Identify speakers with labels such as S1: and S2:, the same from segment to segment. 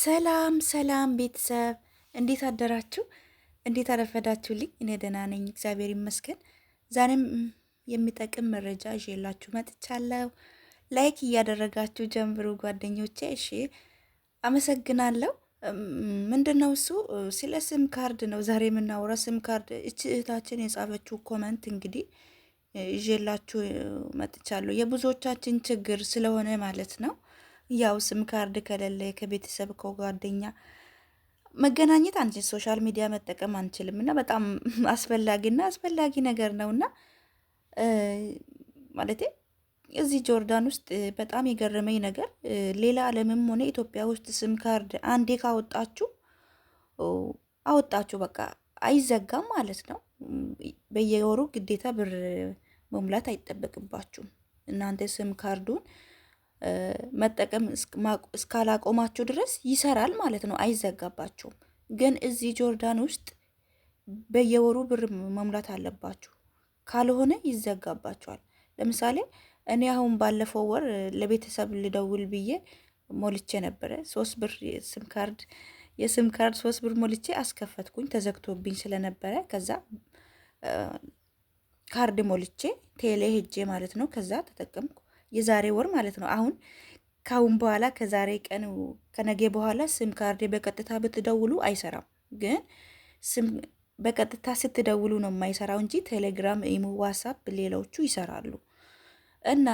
S1: ሰላም ሰላም ቤተሰብ እንዴት አደራችሁ? እንዴት አረፈዳችሁልኝ? እኔ ደህና ነኝ፣ እግዚአብሔር ይመስገን። ዛሬም የሚጠቅም መረጃ ይዤላችሁ መጥቻለሁ። ላይክ እያደረጋችሁ ጀምሩ ጓደኞቼ። እሺ፣ አመሰግናለሁ። ምንድን ነው እሱ? ስለ ስም ካርድ ነው ዛሬ የምናወራው። ስም ካርድ እች እህታችን የጻፈችው ኮመንት እንግዲህ ይዤላችሁ መጥቻለሁ። የብዙዎቻችን ችግር ስለሆነ ማለት ነው ያው ስም ካርድ ከሌለ ከቤተሰብ ከጓደኛ መገናኘት አንቺ ሶሻል ሚዲያ መጠቀም አንችልም። እና በጣም አስፈላጊና አስፈላጊ ነገር ነው እና ማለት እዚህ ጆርዳን ውስጥ በጣም የገረመኝ ነገር ሌላ ዓለምም ሆነ ኢትዮጵያ ውስጥ ስም ካርድ አንዴ ካወጣችሁ አወጣችሁ በቃ አይዘጋም ማለት ነው። በየወሩ ግዴታ ብር መሙላት አይጠበቅባችሁም። እናንተ ስም ካርዱን መጠቀም እስካላቆማችሁ ድረስ ይሰራል ማለት ነው፣ አይዘጋባችሁም። ግን እዚህ ጆርዳን ውስጥ በየወሩ ብር መሙላት አለባችሁ፣ ካልሆነ ይዘጋባችኋል። ለምሳሌ እኔ አሁን ባለፈው ወር ለቤተሰብ ልደውል ብዬ ሞልቼ ነበረ ሶስት ብር ስም ካርድ የስም ካርድ ሶስት ብር ሞልቼ አስከፈትኩኝ ተዘግቶብኝ ስለነበረ ከዛ ካርድ ሞልቼ ቴሌ ሄጄ ማለት ነው ከዛ ተጠቀምኩ የዛሬ ወር ማለት ነው። አሁን ካሁን በኋላ ከዛሬ ቀን ከነገ በኋላ ስም ካርዴ በቀጥታ ብትደውሉ አይሰራም። ግን ስም በቀጥታ ስትደውሉ ነው የማይሰራው እንጂ ቴሌግራም፣ ኢሞ፣ ዋትሳፕ ሌሎቹ ይሰራሉ። እና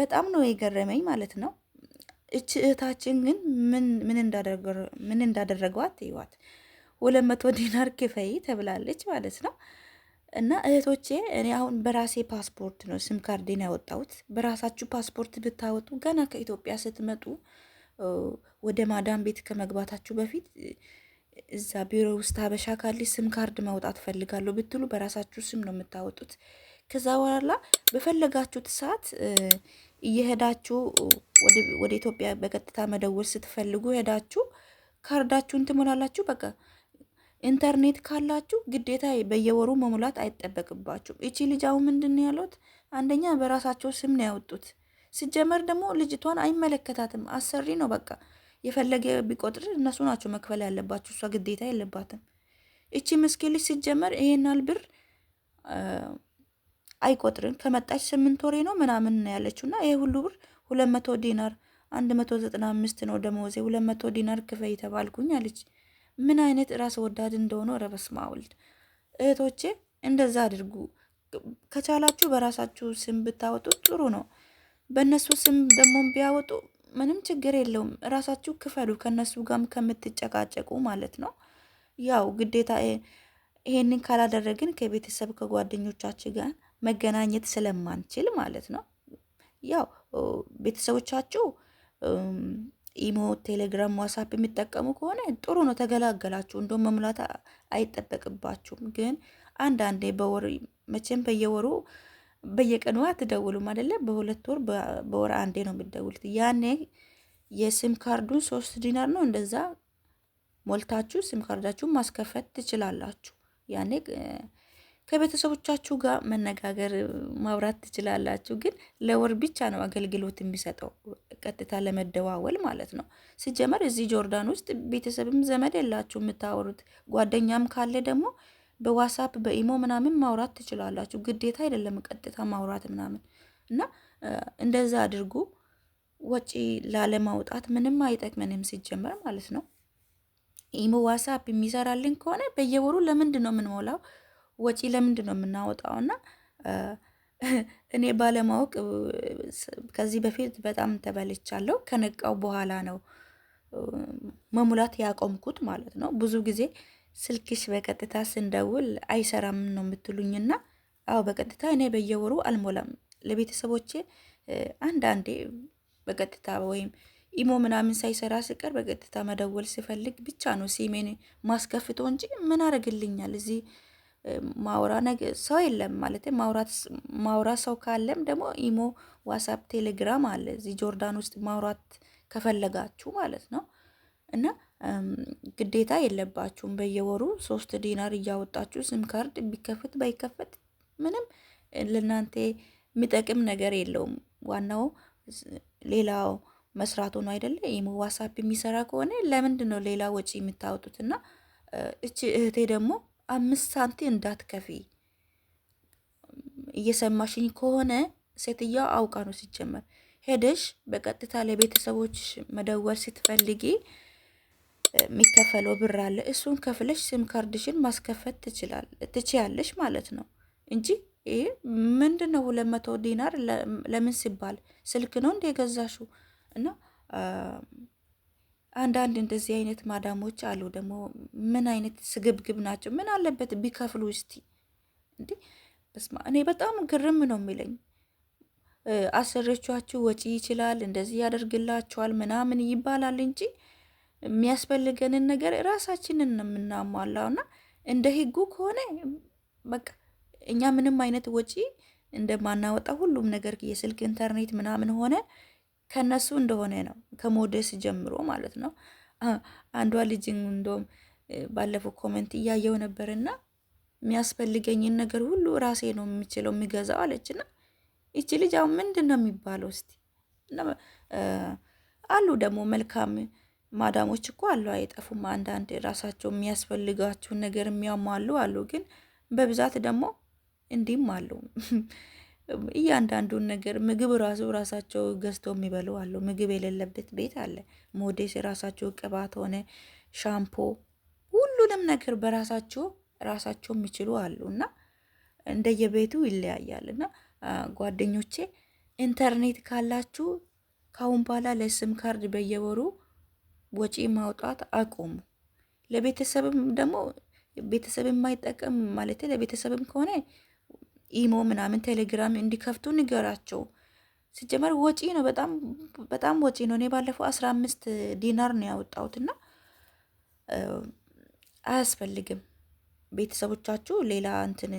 S1: በጣም ነው የገረመኝ ማለት ነው። እች እህታችን ግን ምን እንዳደረገዋት ይዋት። ሁለት መቶ ዲናር ክፈይ ተብላለች ማለት ነው። እና እህቶቼ እኔ አሁን በራሴ ፓስፖርት ነው ስም ካርዴን ያወጣሁት። በራሳችሁ ፓስፖርት ብታወጡ ገና ከኢትዮጵያ ስትመጡ ወደ ማዳም ቤት ከመግባታችሁ በፊት እዛ ቢሮ ውስጥ ሀበሻ ካለ ስም ካርድ ማውጣት ፈልጋለሁ ብትሉ በራሳችሁ ስም ነው የምታወጡት። ከዛ በኋላ በፈለጋችሁት ሰዓት እየሄዳችሁ ወደ ኢትዮጵያ በቀጥታ መደወል ስትፈልጉ ሄዳችሁ ካርዳችሁን ትሞላላችሁ በቃ ኢንተርኔት ካላችሁ ግዴታ በየወሩ መሙላት አይጠበቅባችሁም። እቺ ልጅ አሁን ምንድን ነው ያሉት? አንደኛ በራሳቸው ስም ነው ያወጡት። ሲጀመር ደግሞ ልጅቷን አይመለከታትም፣ አሰሪ ነው በቃ። የፈለገ ቢቆጥር እነሱ ናቸው መክፈል ያለባቸው፣ እሷ ግዴታ የለባትም። እቺ ምስኪን ልጅ ሲጀመር ይሄናል ብር አይቆጥርም። ከመጣች ስምንት ወሬ ነው ምናምን ነው ያለችው እና ይሄ ሁሉ ብር ሁለት መቶ ዲናር አንድ መቶ ዘጠና አምስት ነው ደሞዜ፣ ሁለት መቶ ዲናር ክፈይ የተባልኩኝ አለች። ምን አይነት ራስ ወዳድ እንደሆነ ረበስማ ወልድ እህቶቼ፣ እንደዛ አድርጉ። ከቻላችሁ በራሳችሁ ስም ብታወጡ ጥሩ ነው። በእነሱ ስም ደግሞ ቢያወጡ ምንም ችግር የለውም። ራሳችሁ ክፈሉ፣ ከነሱ ጋም ከምትጨቃጨቁ ማለት ነው። ያው ግዴታ ይሄንን ካላደረግን ከቤተሰብ ከጓደኞቻችን ጋር መገናኘት ስለማንችል ማለት ነው። ያው ቤተሰቦቻችሁ ኢሞ፣ ቴሌግራም፣ ዋሳፕ የሚጠቀሙ ከሆነ ጥሩ ነው፣ ተገላገላችሁ። እንደውም መሙላት አይጠበቅባችሁም። ግን አንዳንዴ በወር መቼም በየወሩ በየቀኑ አትደውሉም አይደለም በሁለት ወር በወር አንዴ ነው የሚደውሉት ያኔ የሲም ካርዱን ሶስት ዲናር ነው እንደዛ ሞልታችሁ ሲም ካርዳችሁን ማስከፈት ትችላላችሁ። ያኔ ከቤተሰቦቻችሁ ጋር መነጋገር ማብራት ትችላላችሁ። ግን ለወር ብቻ ነው አገልግሎት የሚሰጠው። ቀጥታ ለመደዋወል ማለት ነው። ሲጀመር እዚህ ጆርዳን ውስጥ ቤተሰብም ዘመድ የላችሁ የምታወሩት ጓደኛም ካለ ደግሞ በዋትሳፕ በኢሞ ምናምን ማውራት ትችላላችሁ። ግዴታ አይደለም ቀጥታ ማውራት ምናምን እና እንደዛ አድርጉ። ወጪ ላለማውጣት ምንም አይጠቅመንም ሲጀመር ማለት ነው። ኢሞ ዋትሳፕ የሚሰራልን ከሆነ በየወሩ ለምንድን ነው የምንሞላው? ወጪ ለምንድን ነው የምናወጣው? እና እኔ ባለማወቅ ከዚህ በፊት በጣም ተበልቻለሁ። ከነቃው በኋላ ነው መሙላት ያቆምኩት ማለት ነው። ብዙ ጊዜ ስልክሽ በቀጥታ ስንደውል አይሰራም ነው የምትሉኝና፣ አዎ በቀጥታ እኔ በየወሩ አልሞላም። ለቤተሰቦቼ አንዳንዴ በቀጥታ ወይም ኢሞ ምናምን ሳይሰራ ስቀር በቀጥታ መደወል ሲፈልግ ብቻ ነው ሲሜን ማስከፍቶ እንጂ ምን አረግልኛል እዚህ ማውራ ነገ ሰው የለም ማለት ማውራት ማውራት ሰው ካለም ደግሞ ኢሞ፣ ዋትስአፕ፣ ቴሌግራም አለ እዚህ ጆርዳን ውስጥ ማውራት ከፈለጋችሁ ማለት ነው። እና ግዴታ የለባችሁም በየወሩ ሶስት ዲናር እያወጣችሁ ስም ካርድ ቢከፈት ባይከፈት ምንም ለእናንተ የሚጠቅም ነገር የለውም። ዋናው ሌላው መስራቱ ነው አይደለ? ኢሞ ዋትሳፕ የሚሰራ ከሆነ ለምንድን ነው ሌላ ወጪ የምታወጡትና? እቺ እህቴ ደግሞ አምስት ሳንቲ እንዳትከፊ። እየሰማሽኝ ከሆነ ሴትዮዋ አውቃ ነው ሲጀመር። ሄደሽ በቀጥታ ለቤተሰቦች መደወል ስትፈልጊ የሚከፈለው ብር አለ። እሱን ከፍለሽ ስም ካርድሽን ማስከፈት ትችያለሽ ማለት ነው እንጂ ይህ ምንድን ነው? ሁለት መቶ ዲናር ለምን ሲባል ስልክ ነው እንደ የገዛሹ እና አንዳንድ እንደዚህ አይነት ማዳሞች አሉ። ደግሞ ምን አይነት ስግብግብ ናቸው! ምን አለበት ቢከፍሉ እስቲ እንዴ! በስማ እኔ በጣም ግርም ነው የሚለኝ። አሰሪዎቻችሁ ወጪ ይችላል እንደዚህ ያደርግላችኋል ምናምን ይባላል እንጂ የሚያስፈልገንን ነገር ራሳችንን ነው የምናሟላው። እና እንደ ህጉ ከሆነ በቃ እኛ ምንም አይነት ወጪ እንደማናወጣ ሁሉም ነገር የስልክ ኢንተርኔት ምናምን ሆነ ከነሱ እንደሆነ ነው ከሞዴስ ጀምሮ ማለት ነው። አንዷ ልጅ እንደውም ባለፈው ኮመንት እያየው ነበርና የሚያስፈልገኝን ነገር ሁሉ ራሴ ነው የምችለው የሚገዛው አለችና ይቺ ልጅ አሁን ምንድን ነው የሚባለው? እስቲ አሉ ደግሞ መልካም ማዳሞች እኮ አሉ አይጠፉም። አንዳንድ ራሳቸው የሚያስፈልጋችሁን ነገር የሚያሟሉ አሉ፣ ግን በብዛት ደግሞ እንዲህም አሉ እያንዳንዱን ነገር ምግብ ራሱ ራሳቸው ገዝቶ የሚበሉ አሉ። ምግብ የሌለበት ቤት አለ። ሞዴስ የራሳቸው ቅባት ሆነ ሻምፖ፣ ሁሉንም ነገር በራሳቸው ራሳቸው የሚችሉ አሉ እና እንደየቤቱ ይለያያል እና ጓደኞቼ ኢንተርኔት ካላችሁ ካሁን በኋላ ለስም ካርድ በየወሩ ወጪ ማውጣት አቁሙ። ለቤተሰብም ደግሞ ቤተሰብ የማይጠቀም ማለት ለቤተሰብም ከሆነ ኢሞ ምናምን ቴሌግራም እንዲከፍቱ ንገራቸው። ሲጀመር ወጪ ነው፣ በጣም በጣም ወጪ ነው። እኔ ባለፈው አስራ አምስት ዲናር ነው እና አያስፈልግም። ቤተሰቦቻችሁ ሌላ እንትን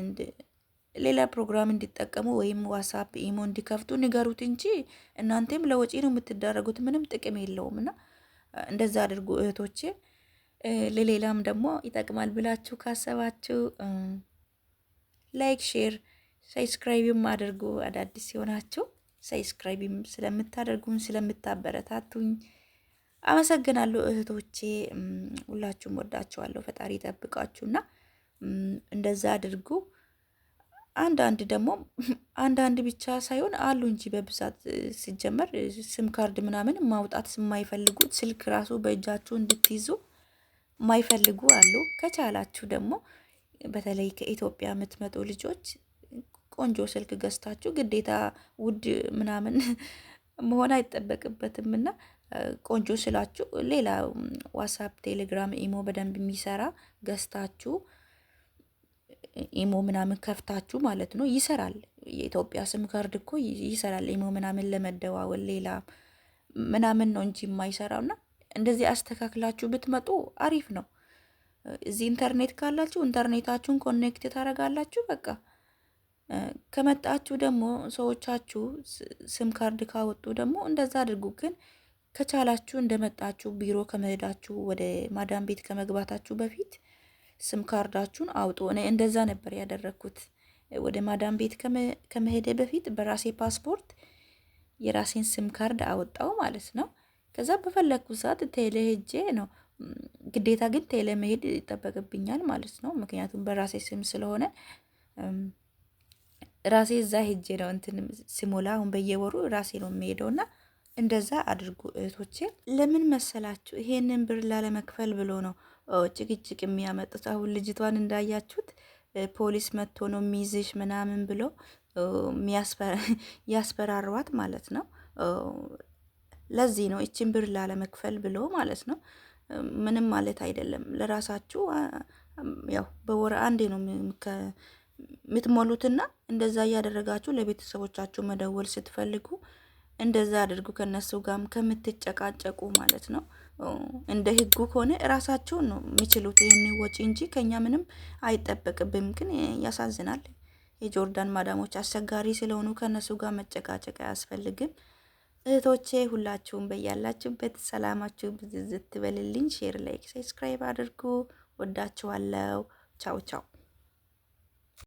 S1: ሌላ ፕሮግራም እንዲጠቀሙ ወይም ዋትሳፕ ኢሞ እንዲከፍቱ ንገሩት እንጂ እናንተም ለወጪ ነው የምትዳረጉት። ምንም ጥቅም የለውም እና እንደዛ አድርጉ እህቶቼ። ለሌላም ደግሞ ይጠቅማል ብላችሁ ካሰባችሁ ላይክ ሼር ሰብስክራይብም አድርጉ አዳዲስ ሲሆናችሁ ሰብስክራይብም ስለምታደርጉኝ ስለምታበረታቱኝ አመሰግናለሁ እህቶቼ። ሁላችሁም ወዳችኋለሁ። ፈጣሪ ጠብቃችሁና እንደዛ አድርጉ። አንዳንድ ደግሞ አንዳንድ ብቻ ሳይሆን አሉ እንጂ በብዛት ሲጀመር ስም ካርድ ምናምን ማውጣት የማይፈልጉት ስልክ ራሱ በእጃችሁ እንድትይዙ የማይፈልጉ አሉ። ከቻላችሁ ደግሞ በተለይ ከኢትዮጵያ የምትመጡ ልጆች ቆንጆ ስልክ ገዝታችሁ ግዴታ ውድ ምናምን መሆን አይጠበቅበትም እና ቆንጆ ስላችሁ ሌላ ዋትሳፕ፣ ቴሌግራም፣ ኢሞ በደንብ የሚሰራ ገዝታችሁ ኢሞ ምናምን ከፍታችሁ ማለት ነው ይሰራል። የኢትዮጵያ ስም ካርድ እኮ ይሰራል። ኢሞ ምናምን ለመደዋወል ሌላ ምናምን ነው እንጂ የማይሰራው እና እንደዚህ አስተካክላችሁ ብትመጡ አሪፍ ነው። እዚህ ኢንተርኔት ካላችሁ ኢንተርኔታችሁን ኮኔክት ታደርጋላችሁ በቃ ከመጣችሁ ደግሞ ሰዎቻችሁ ስም ካርድ ካወጡ ደግሞ እንደዛ አድርጉ። ግን ከቻላችሁ እንደመጣችሁ ቢሮ ከመሄዳችሁ ወደ ማዳም ቤት ከመግባታችሁ በፊት ስም ካርዳችሁን አውጡ። እኔ እንደዛ ነበር ያደረግኩት። ወደ ማዳም ቤት ከመሄደ በፊት በራሴ ፓስፖርት የራሴን ስም ካርድ አወጣው ማለት ነው። ከዛ በፈለግኩ ሰዓት ቴሌ ሄጄ ነው ግዴታ ግን ቴሌ መሄድ ይጠበቅብኛል ማለት ነው። ምክንያቱም በራሴ ስም ስለሆነ ራሴ እዛ ሄጄ ነው እንትን ሲሞላ አሁን በየወሩ ራሴ ነው የሚሄደው እና እንደዛ አድርጉ እህቶቼ። ለምን መሰላችሁ? ይሄንን ብር ላለመክፈል ብሎ ነው ጭቅጭቅ የሚያመጡት። አሁን ልጅቷን እንዳያችሁት ፖሊስ መጥቶ ነው የሚይዝሽ ምናምን ብሎ ያስፈራሯት ማለት ነው። ለዚህ ነው ይችን ብር ላለመክፈል ብሎ ማለት ነው። ምንም ማለት አይደለም። ለራሳችሁ ያው በወር አንዴ ነው የምትሞሉትና እንደዛ እያደረጋችሁ ለቤተሰቦቻችሁ መደወል ስትፈልጉ እንደዛ አድርጉ። ከነሱ ጋርም ከምትጨቃጨቁ ማለት ነው። እንደ ህጉ ከሆነ እራሳችሁ ነው የሚችሉት ይህን ወጪ እንጂ ከኛ ምንም አይጠበቅብም። ግን ያሳዝናል። የጆርዳን ማዳሞች አስቸጋሪ ስለሆኑ ከነሱ ጋር መጨቃጨቅ አያስፈልግም። እህቶቼ ሁላችሁም በያላችሁበት ሰላማችሁ ብዝዝት ትበልልኝ። ሼር፣ ላይክ፣ ሰብስክራይብ አድርጉ። ወዳችኋለው። ቻው ቻው።